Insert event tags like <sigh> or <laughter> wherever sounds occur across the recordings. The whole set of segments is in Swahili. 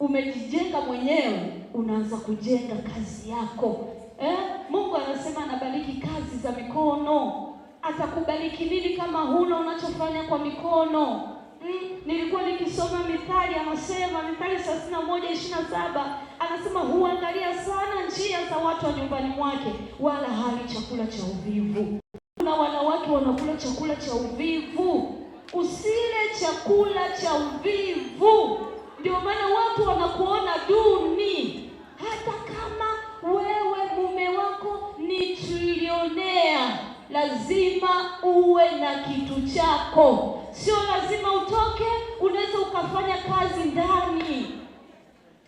umejijenga mwenyewe, unaanza kujenga kazi yako eh? Mungu anasema anabariki kazi za mikono. Atakubariki nini kama huna unachofanya kwa mikono? Mm, nilikuwa nikisoma Mithali, anasema Mithali thelathini na moja ishirini na saba anasema huangalia sana njia za watu wa nyumbani mwake, wala hali chakula cha uvivu. Kuna wanawake wanakula chakula cha uvivu. Usile chakula cha uvivu. Ndio maana watu wanakuona duni, hata kama wewe mume wako ni trilionea, lazima uwe na kitu chako. Sio lazima utoke, unaweza ukafanya kazi ndani,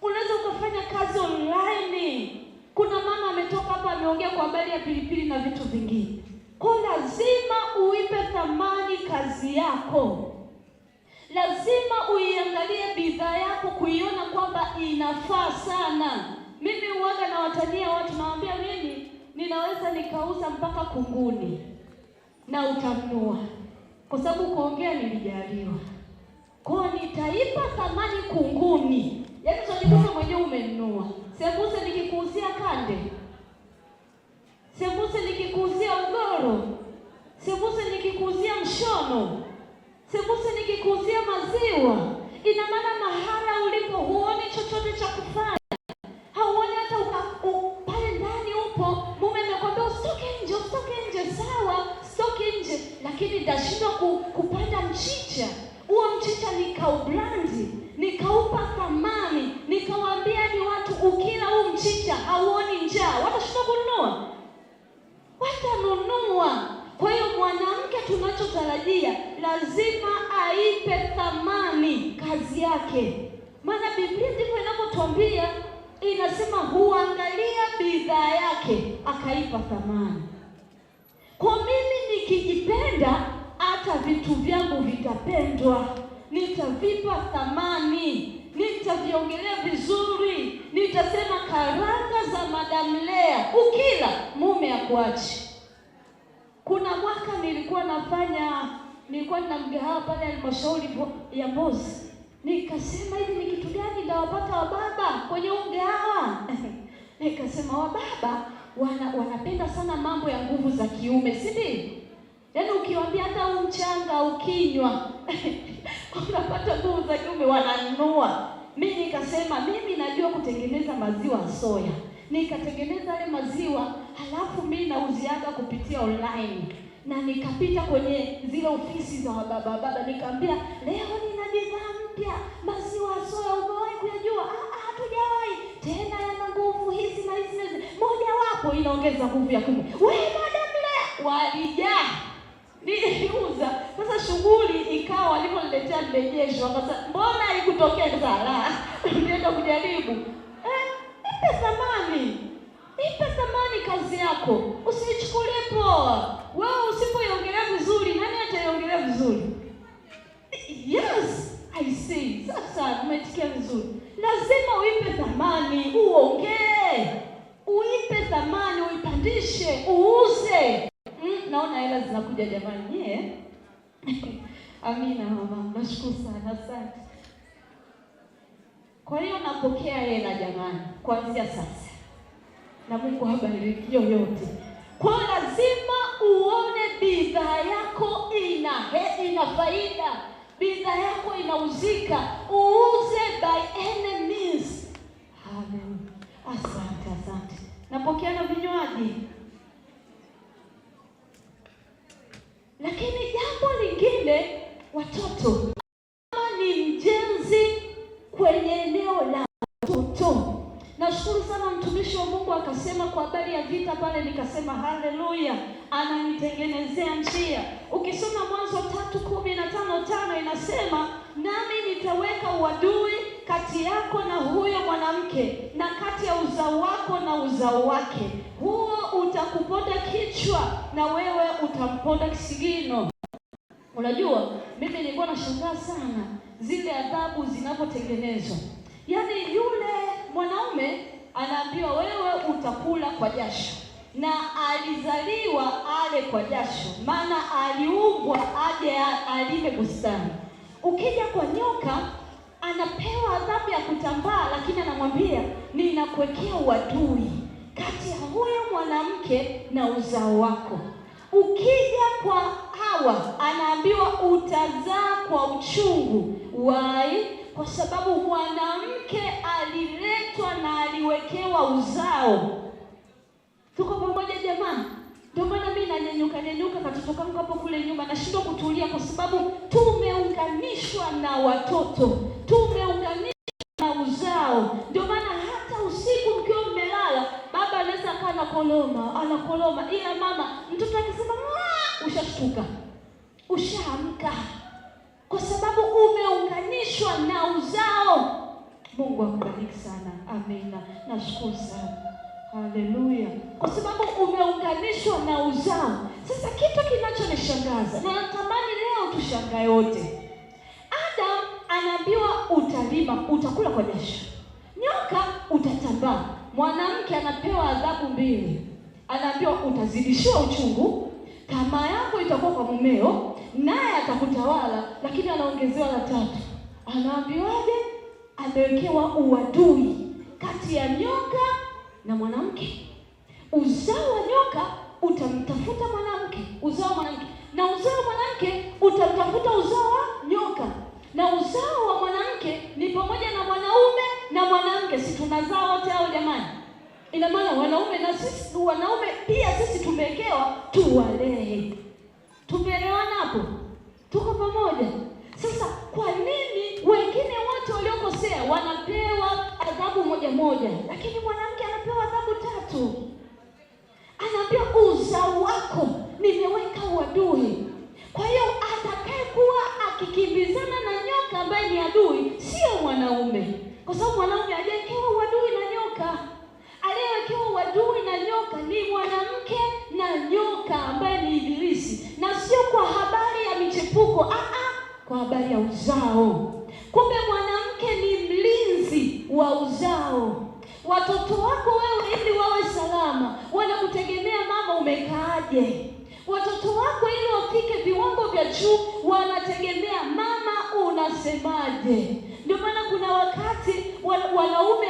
unaweza ukafanya kazi online. Kuna mama ametoka hapa ameongea kwa habari ya pilipili na vitu vingine, kwa lazima uipe thamani kazi yako lazima uiangalie bidhaa yako, kuiona kwamba inafaa sana. Mimi uwaga na watania watu nawaambia, mimi ninaweza nikauza mpaka kunguni na utamnua, kwa sababu kuongea nilijaliwa, kwa nitaipa thamani kunguni, yaani utajikuta mwenyewe umenunua sembuse. Nikikuuzia kande, sembuse nikikuuzia ugoro, sembuse nikikuuzia mshono Siguse nikikuuzia maziwa, ina maana mahala ulipo huoni chochote cha kufanya, hauoni hata pale ndani upo. Mume amekwambia usitoke nje, usitoke nje, sawa, sitoke nje, lakini nitashindwa ku, kupanda mchicha. Huo mchicha nikaubrandi, nikaupa thamani, nikawaambia ni watu, ukila huu mchicha hauoni njaa, watashindwa kununua, watanunua. Kwa hiyo mwanamke, tunachotarajia lazima aipe thamani kazi yake, maana Biblia ndivyo inavyotuambia, inasema huangalia bidhaa yake akaipa thamani. Kwa mimi nikijipenda, hata vitu vyangu vitapendwa, nitavipa thamani nitaviongelea vizuri, nitasema karanga za Madam Lea ukila mume akuachi. Kuna mwaka nilikuwa nafanya nilikuwa nina mgahawa pale halmashauri ya Mbozi, nikasema hivi ni kitu gani ndawapata wababa kwenye mgahawa? <laughs> Nikasema wababa wana, wanapenda sana mambo ya nguvu za kiume, si ndio? Yaani ukiwaambia hata mchanga ukinywa <laughs> unapata nguvu za kiume, wananunua. Mi nikasema mimi najua kutengeneza maziwa soya, nikatengeneza yale maziwa, halafu mi nauziaga kupitia online na nikapita kwenye zile ofisi za wababa baba, nikaambia leo nina bidhaa mpya, maziwa soya. Umewahi kuyajua? Ah, ah, hatujawahi. Tena yana nguvu hizi na hizi hizi, moja wapo inaongeza nguvu ya kiume. Wewe madam leo walijaa, niliuza. Sasa shughuli ikawa, waliponiletea mrejesho wakasema, mbona haikutokea? Sala <laughs> ulienda kujaribu eh, ipe thamani ipe thamani kazi yako, usiichukulie poa. Wewe usipoiongelea vizuri, nani ataiongelea vizuri? Yes, I see. Sasa umetikia vizuri, lazima uipe thamani, uongee, uipe thamani, uipandishe, uuze. Mm, naona hela zinakuja jamani, yeah. <laughs> Amina mama, nashukuru sana, asante. Kwa hiyo napokea hela jamani, kuanzia sasa na Mungu habariki yoyote. Kwa lazima uone bidhaa yako ina he, ina faida, bidhaa yako inauzika, uuze by any means. Amen. Asante, asante. na vinywaji. anasema haleluya, ananitengenezea njia. Ukisoma Mwanzo tatu kumi na tano tano inasema nami nitaweka uadui kati yako na huyo mwanamke na kati ya uzao wako na uzao wake, huo utakupota kichwa na wewe utampota kisigino. Unajua, mimi nilikuwa nashangaa sana zile adhabu zinapotengenezwa, yaani yule mwanaume anaambiwa wewe utakula kwa jasho na alizaliwa ale kwa jasho, maana aliumbwa aje alime bustani. Ukija kwa nyoka, anapewa adhabu ya kutambaa, lakini anamwambia ninakuwekea uadui kati ya huyo mwanamke na uzao wako. Ukija kwa Hawa, anaambiwa utazaa kwa uchungu. wai Kwa sababu mwanamke aliletwa na aliwekewa uzao Tuko pamoja jamaa. Ndio maana mimi nanyanyuka nyanyuka katoto kangu hapo kule nyuma, nashindwa kutulia kwa sababu tumeunganishwa na watoto, tumeunganishwa na uzao. Ndio maana hata usiku mkiwa mmelala, baba anaweza akaa anakoloma anakoloma, ila mama mtoto akisema ah! ushashtuka, ushaamka kwa sababu umeunganishwa na uzao. Mungu akubariki sana. Amina. Nashukuru sana. Haleluya. Kwa sababu umeunganishwa na uzao. Sasa kitu kinachonishangaza na natamani leo tushangae wote, Adam anaambiwa utalima, utakula kwa jasho, nyoka utatambaa, mwanamke anapewa adhabu mbili, anaambiwa utazidishiwa uchungu, tamaa yako itakuwa kwa mumeo, naye atakutawala. Lakini anaongezewa la tatu, anaambiwaje? Amewekewa uadui kati ya nyoka na mwanamke. Uzao wa nyoka utamtafuta mwanamke, uzao wa mwanamke, na uzao wa mwanamke utamtafuta uzao wa nyoka, na uzao wa mwanamke ni pamoja na mwanaume na mwanamke. Si tunazaa wote hao jamani? Ina maana wanaume na sisi, wanaume pia sisi tumewekewa tuwalee. Tumeelewana hapo? Tuko pamoja? Sasa kwa nini wengine wote waliokosea wanapewa adhabu moja moja, lakini mwanamke watu. Anaambia uzao wako nimeweka wadui. Kwa hiyo atakayekuwa akikimbizana na nyoka ambaye ni adui sio mwanaume, kwa sababu mwanaume aliyewekewa wadui na nyoka, aliyewekewa wadui na nyoka ni mwanamke na nyoka ambaye ni Ibilisi, na sio kwa habari ya michepuko, ah, kwa habari ya uzao wanaume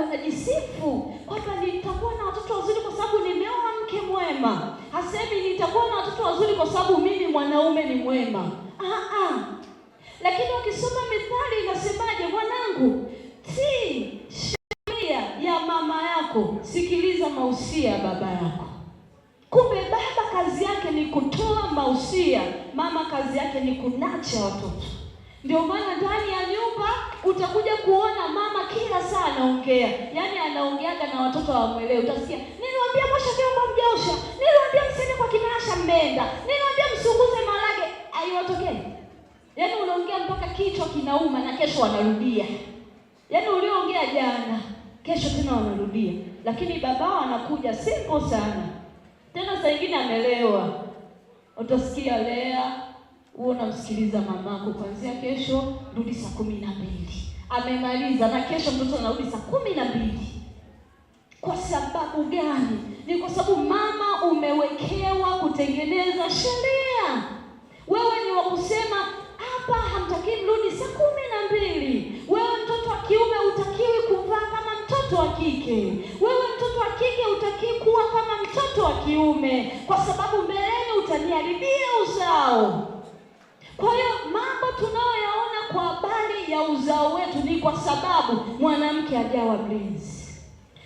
wanajisifu kwamba nitakuwa na watoto wazuri kwa sababu nimeoa mke mwema. Hasemi nitakuwa na watoto wazuri kwa sababu mimi mwanaume ni mwema. Ah, ah. Lakini ukisoma Mithali inasemaje, mwanangu, si sheria ya mama yako, sikiliza mausia ya baba yako. Kumbe baba kazi yake ni kutoa mausia, mama kazi yake ni kunacha watoto ndio maana ndani ya nyumba utakuja kuona mama kila saa anaongea, yaani anaongeaga na watoto hawamwelewi. Utasikia niliwaambia mwosha vyombo mjaosha, niliwaambia msiende kwa kinasha mbenda, niliwaambia msunguze marage, aiwatokee. Yaani unaongea mpaka kichwa kinauma, na kesho wanarudia, yaani ulioongea jana, kesho tena wanarudia. Lakini babao anakuja simple sana, tena saa ingine amelewa, utasikia lea uwe unamsikiliza mamako, kuanzia kesho rudi saa kumi na mbili. Amemaliza na kesho mtoto anarudi saa kumi na mbili. Kwa sababu gani? Ni kwa sababu mama, umewekewa kutengeneza sheria. Wewe ni wa kusema hapa, hamtakii mrudi saa kumi na mbili. Wewe mtoto wa kiume utakiwi kuvaa kama mtoto wa kike, wewe mtoto wa kike utakii kuwa kama mtoto wa kiume, kwa sababu mbeleni utaniharibia uzao. Kwa hiyo mambo tunayoyaona kwa habari ya uzao wetu ni kwa sababu mwanamke ajawa mlinzi,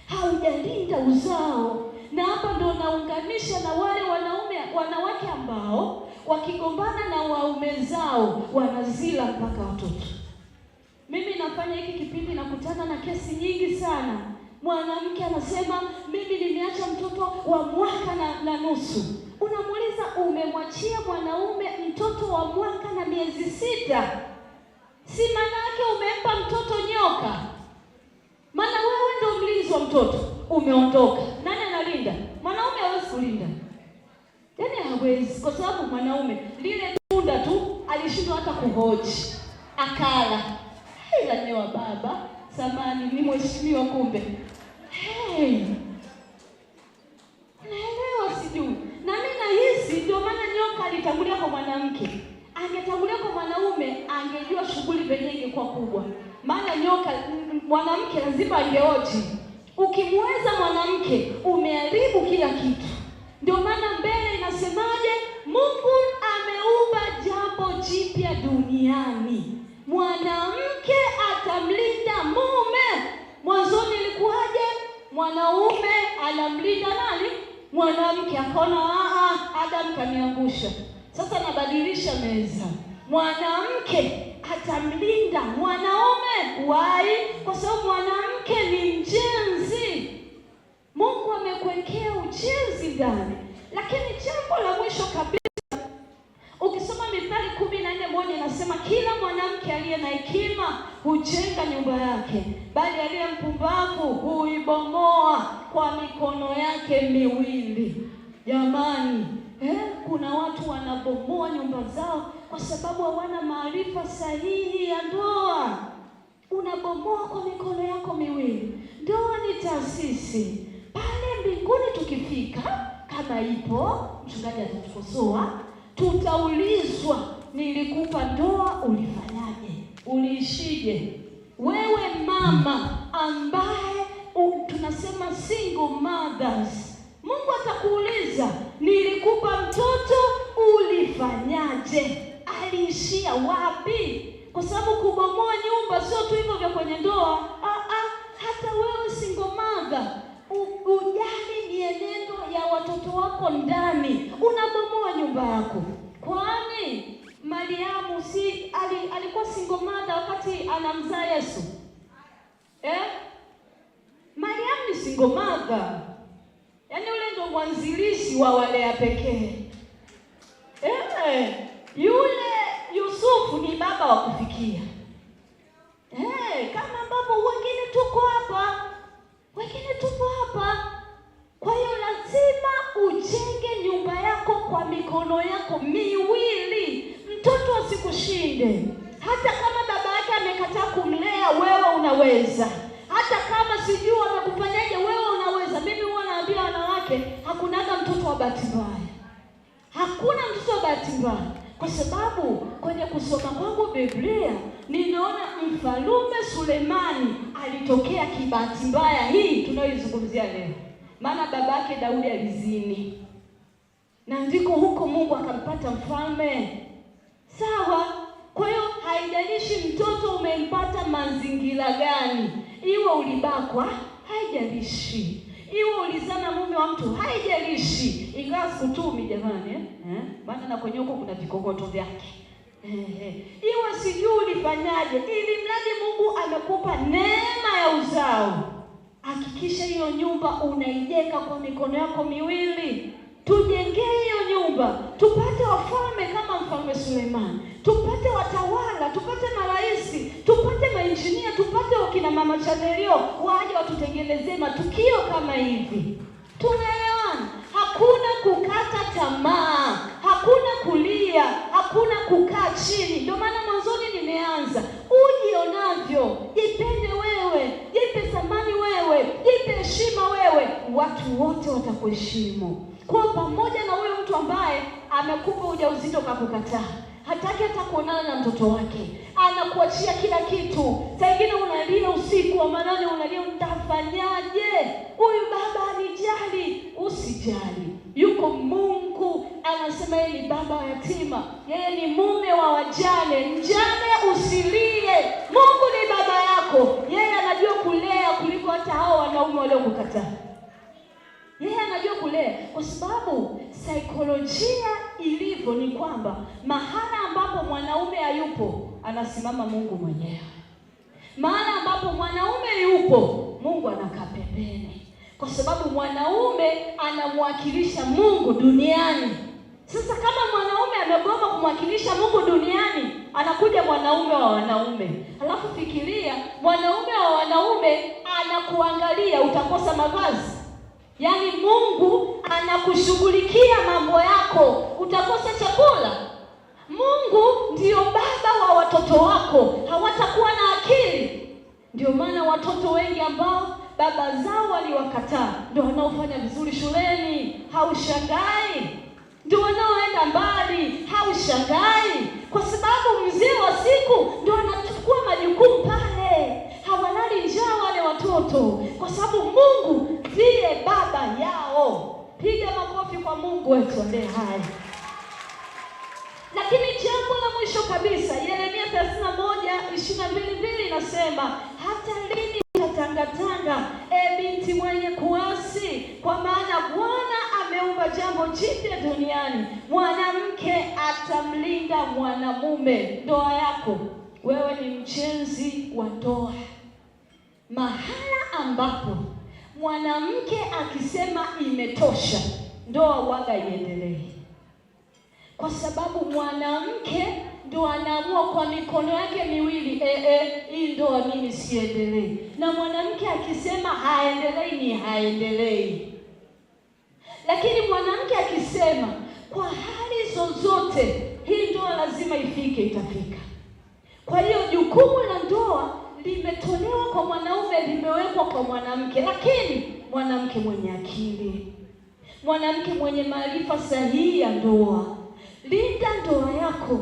haujalinda uzao. Na hapa ndo naunganisha na wale wanaume, wanawake ambao wakigombana na waume zao wanazila mpaka watoto. Mimi nafanya hiki kipindi, nakutana na kesi nyingi sana. Mwanamke anasema mimi nimeacha mtoto wa mwaka na, na nusu unamuuliza umemwachia mwanaume mtoto wa mwaka na miezi sita, si maana yake umempa mtoto nyoka? Maana wewe ndio mlinzi wa mtoto, umeondoka. Nani analinda? Mwanaume hawezi kulinda, yaani hawezi, kwa sababu mwanaume lile tunda tu alishindwa hata kuhoji, akala. Ila baba samani, ni mheshimiwa kumbe. Hey. mwanamke lazima angeoji. Ukimweza mwanamke umeharibu kila kitu. Ndio maana mbele inasemaje? Mungu ameumba jambo jipya duniani, mwanamke atamlinda mume. Mwanzoni ilikuwaje? Mwanaume anamlinda nani? Mwanamke. Akaona ah, ah, Adamu kaniangusha, sasa nabadilisha meza, mwanamke atamlinda mwanaume wai, kwa sababu mwanamke ni mjenzi. Mungu amekuwekea ujenzi gani? Lakini jambo la mwisho kabisa, ukisoma Mithali kumi na nne moja inasema kila mwanamke aliye na hekima hujenga nyumba yake, bali aliye mpumbavu huibomoa kwa mikono yake miwili. Jamani eh, kuna watu wanabomoa nyumba zao kwa sababu hawana maarifa sahihi ya ndoa. Unabomoa kwa mikono yako miwili. Ndoa ni taasisi. Pale mbinguni tukifika, kama ipo, mchungaji atatukosoa, tutaulizwa, nilikupa ndoa ulifanyaje? Uliishije? Wewe mama ambaye tunasema single mothers Mungu atakuuliza nilikupa mtoto ulifanyaje? Aliishia wapi? Kwa sababu kubomoa nyumba sio tu hivyo vya kwenye ndoa. Ah, ah, hata wewe singomaga ujali mienendo ya watoto wako ndani, unabomoa nyumba yako. Kwani Mariamu si ali, alikuwa singomada wakati anamzaa Yesu eh? Mariamu ni singomada mwanzilishi wa walea pekee. Eh, yule Yusufu ni baba wa kufikia. Eh, kama ambapo wengine tuko hapa, wengine tuko hapa. Kwa hiyo lazima ujenge nyumba yako kwa mikono yako miwili, mtoto asikushinde. Hata kama baba yake amekataa kumlea, wewe unaweza bahati mbaya, hakuna mtoto wa bahati mbaya, kwa sababu kwenye kusoma kwangu Biblia ninaona mfalume Sulemani alitokea kibahati mbaya hii tunayoizungumzia leo, maana babake Daudi alizini, na ndiko huko Mungu akampata mfalme. Sawa. Kwa hiyo haijalishi mtoto umempata mazingira gani, iwe ulibakwa, haijalishi iwe ulizana mume wa mtu haijalishi, ingawa sikutumi jamani eh? Eh? Maana na kwenye huko kuna vikokoto vyake eh, eh. Iwe sijui ulifanyaje, ili mradi Mungu amekupa neema ya uzao, hakikisha hiyo nyumba unaijenga kwa mikono yako miwili tujengee hiyo nyumba, tupate wafalme kama mfalme Suleimani, tupate watawala, tupate marais, tupate mainjinia, tupate wakina mama Chanelio waje watutengenezee matukio kama hivi. Tunaelewana? Hakuna kukata tamaa, hakuna kulia, hakuna kukaa chini. Ndio maana mwanzoni nimeanza, ujionavyo, jipende wewe, jipe thamani wewe, jipe heshima wewe, watu wote watakuheshimu kwa pamoja na huyo mtu ambaye amekupa ujauzito ukakukataa, hataki hata kuonana na mtoto wake, anakuachia kila kitu. Saa ingine unalia usiku wa manane, unalia utafanyaje? Huyu baba anijali. Usijali, yuko Mungu anasema yeye ni baba wa yatima, yeye ni mume wa wajane. Mjane usilie, Mungu ni baba yako, yeye anajua kulea kuliko hata hao wanaume waliokukataa yeye anajua kulea, kwa sababu saikolojia ilivyo ni kwamba mahala ambapo mwanaume hayupo anasimama Mungu mwenyewe, mahala ambapo mwanaume yupo Mungu anakaa pembeni, kwa sababu mwanaume anamwakilisha Mungu duniani. Sasa kama mwanaume amegoma kumwakilisha Mungu duniani, anakuja mwanaume wa wanaume. Alafu fikiria, mwanaume wa wanaume anakuangalia, utakosa mavazi Yaani Mungu anakushughulikia mambo yako, utakosa chakula. Mungu ndiyo baba wa watoto wako, hawatakuwa na akili. Ndio maana watoto wengi ambao baba zao waliwakataa ndio wanaofanya vizuri shuleni, haushangai. Ndio wanaoenda mbali, haushangai, kwa sababu mzee wa siku ndio anachukua Mungu haya. Lakini jambo la mwisho kabisa, Yeremia 31:22 inasema hata lini utatangatanga, e binti mwenye kuasi? Kwa maana Bwana ameumba jambo jipya duniani, mwanamke atamlinda mwanamume. Ndoa yako wewe ni mchenzi wa ndoa, mahala ambapo mwanamke akisema imetosha ndoa waga iendelee, kwa sababu mwanamke ndo anaamua kwa mikono yake miwili eh, eh, hii ndoa mimi siendelee. Na mwanamke akisema haendelei ni haendelei, lakini mwanamke akisema kwa hali zozote hii ndoa lazima ifike, itafika. Kwa hiyo jukumu la ndoa limetolewa kwa mwanaume, limewekwa kwa mwanamke, lakini mwanamke mwenye akili mwanamke mwenye maarifa sahihi ya ndoa. Linda ndoa yako,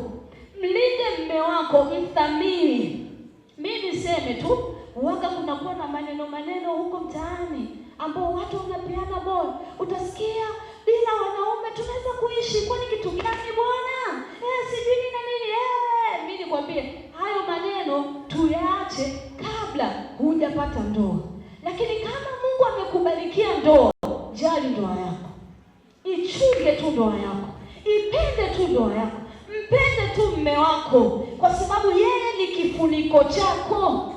mlinde mme wako, mthamini. Mimi niseme tu, waka kunakuwa na maneno maneno huko mtaani ambao watu wanapeana bon, utasikia bila wanaume tunaweza kuishi, kwani kitu gani bwana eh, sijui nini na nini eh. Mimi nikwambie hayo maneno tuyaache kabla hujapata ndoa, lakini kama Mungu amekubarikia ndoa tu ndoa yako, ipende tu ndoa yako, mpende tu mme wako, kwa sababu yeye ni kifuniko chako,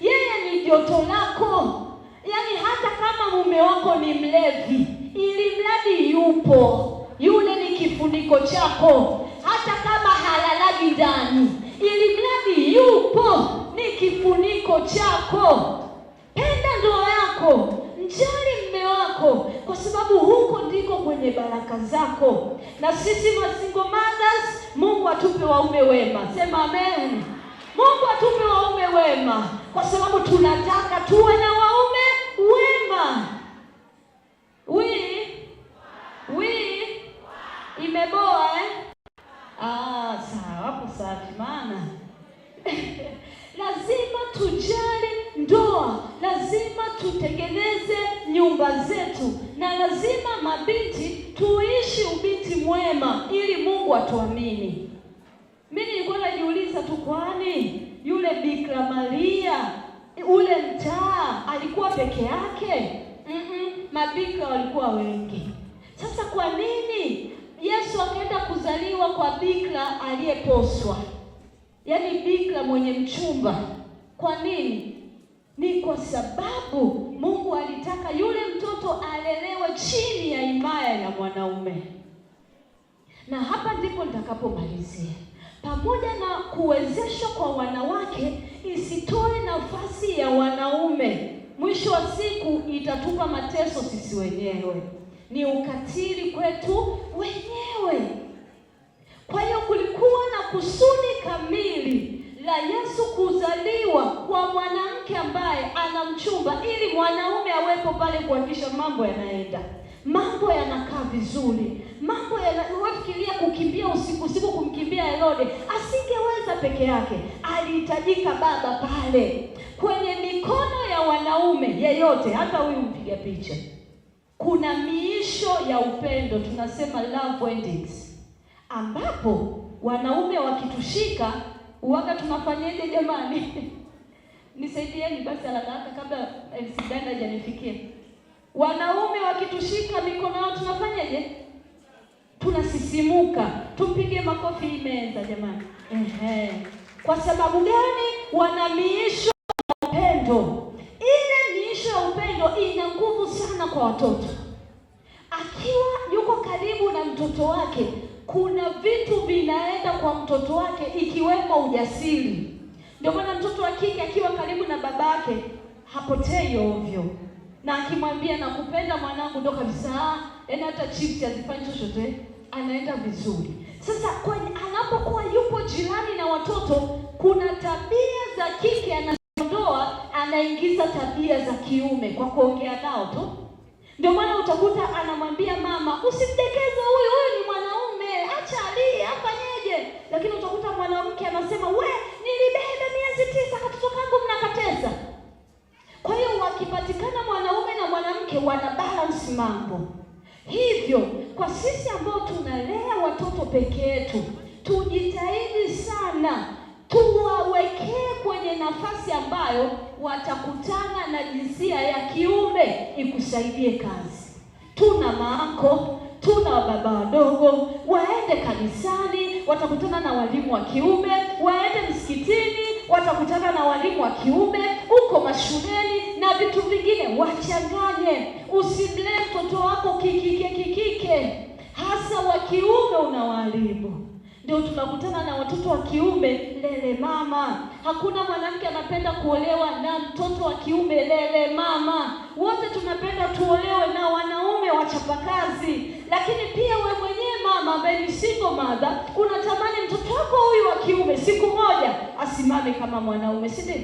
yeye ni joto lako. Yaani hata kama mume wako ni mlevi, ili mradi yupo, yule ni kifuniko chako. Hata kama halalagi ndani, ili mradi yupo, ni kifuniko chako. sababu huko ndiko kwenye baraka zako. Na sisi single mothers, Mungu atupe waume wema, sema amen. Mungu atupe waume wema, kwa sababu tunataka tuwe na waume wema. Wii we imeboa eh? Ah, sawa, hapo safi, maana <laughs> lazima tujali ndoa lazima tutengeneze nyumba zetu, na lazima mabinti tuishi ubinti mwema, ili Mungu atuamini. Mimi nilikuwa najiuliza tu, kwani yule bikra Maria ule mtaa alikuwa peke yake? mm -mm, mabikra walikuwa wengi. Sasa kwa nini Yesu akaenda kuzaliwa kwa bikra aliyeposwa, yaani bikra mwenye mchumba? Kwa nini? Ni kwa sababu Mungu alitaka yule mtoto alelewe chini ya imaya ya mwanaume. Na hapa ndipo nitakapomalizia. Pamoja na kuwezeshwa kwa wanawake, isitoe nafasi ya wanaume. Mwisho wa siku itatupa mateso sisi wenyewe, ni ukatili kwetu wenyewe. chumba ili mwanaume awepo pale kuhakikisha mambo yanaenda, mambo yanakaa vizuri, mambo yanafikiria kukimbia usiku usiku, kumkimbia Herode asingeweza peke yake, alihitajika baba pale kwenye mikono ya wanaume yeyote, hata huyu mpiga picha. Kuna miisho ya upendo tunasema love endings, ambapo wanaume wakitushika uwaga tunafanyaje jamani? <laughs> nisaidieni basi haraka haraka kabla MC hajanifikia. Wanaume wakitushika mikono yao tunafanyaje? Tunasisimuka. Tupige makofi imeenza jamani. Ehe. Kwa sababu gani? Wana miisho ya upendo. Ile miisho ya upendo ina nguvu sana kwa watoto. Akiwa yuko karibu na mtoto wake, kuna vitu vinaenda kwa mtoto wake ikiwemo ujasiri. Ndio maana mtoto wa kike akiwa karibu na babake hapotei ovyo, na akimwambia nakupenda mwanangu, ndo kabisa, yaani hata chips azifanyi chochote, anaenda vizuri. Sasa kwa anapokuwa yupo jirani na watoto, kuna tabia za kike anaondoa anaingiza tabia za kiume kwa kuongea nao tu. Ndio maana utakuta anamwambia mama, usimdekeze huyu, huyu ni mwanaume, acha alie, afanyeje? Lakini utakuta mwanamke anasema we nilibeba miezi tisa, katoto kangu mnakateza. Kwa hiyo wakipatikana mwanaume na mwanamke wana balance mambo. Hivyo kwa sisi ambao tunalea watoto peke yetu, tujitahidi sana tuwawekee kwenye nafasi ambayo watakutana na jinsia ya kiume ikusaidie kazi. Tuna maako tuna wababa wadogo, waende kanisani, watakutana na walimu wa kiume, waende msikitini, watakutana na walimu wa kiume, huko mashuleni na vitu vingine, wachanganye. Usimlee mtoto wako kikike kikike, hasa wa kiume, unawaharibu. Ndio tunakutana na watoto wa kiume lele mama. Hakuna mwanamke anapenda kuolewa na mtoto wa kiume lele mama, wote tunapenda tuolewe na wanaume wachapakazi, lakini pia wewe mwenyewe mama ambaye ni single mother unatamani mtoto wako huyu wa kiume siku moja asimame kama mwanaume, si ndio?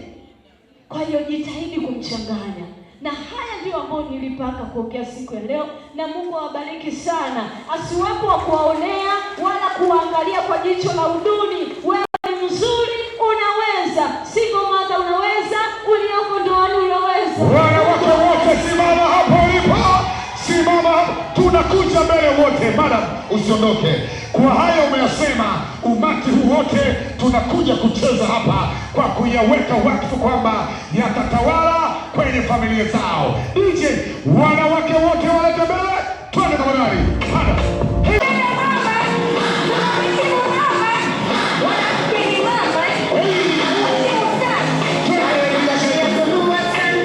Kwa hiyo jitahidi kumchanganya na haya ndio ambayo nilipanga kuongea siku ya leo, na Mungu awabariki sana. Asiwepo wa kuwaonea wala kuwaangalia kwa jicho la uduni. Tunakuja mbele wote, mara usiondoke. Kwa haya umeyasema, umati huu wote tunakuja kucheza hapa kwa kuyaweka wakfu kwamba yatatawala kwenye familia zao. nje wanawake wote walete mbele, twende tafadhali.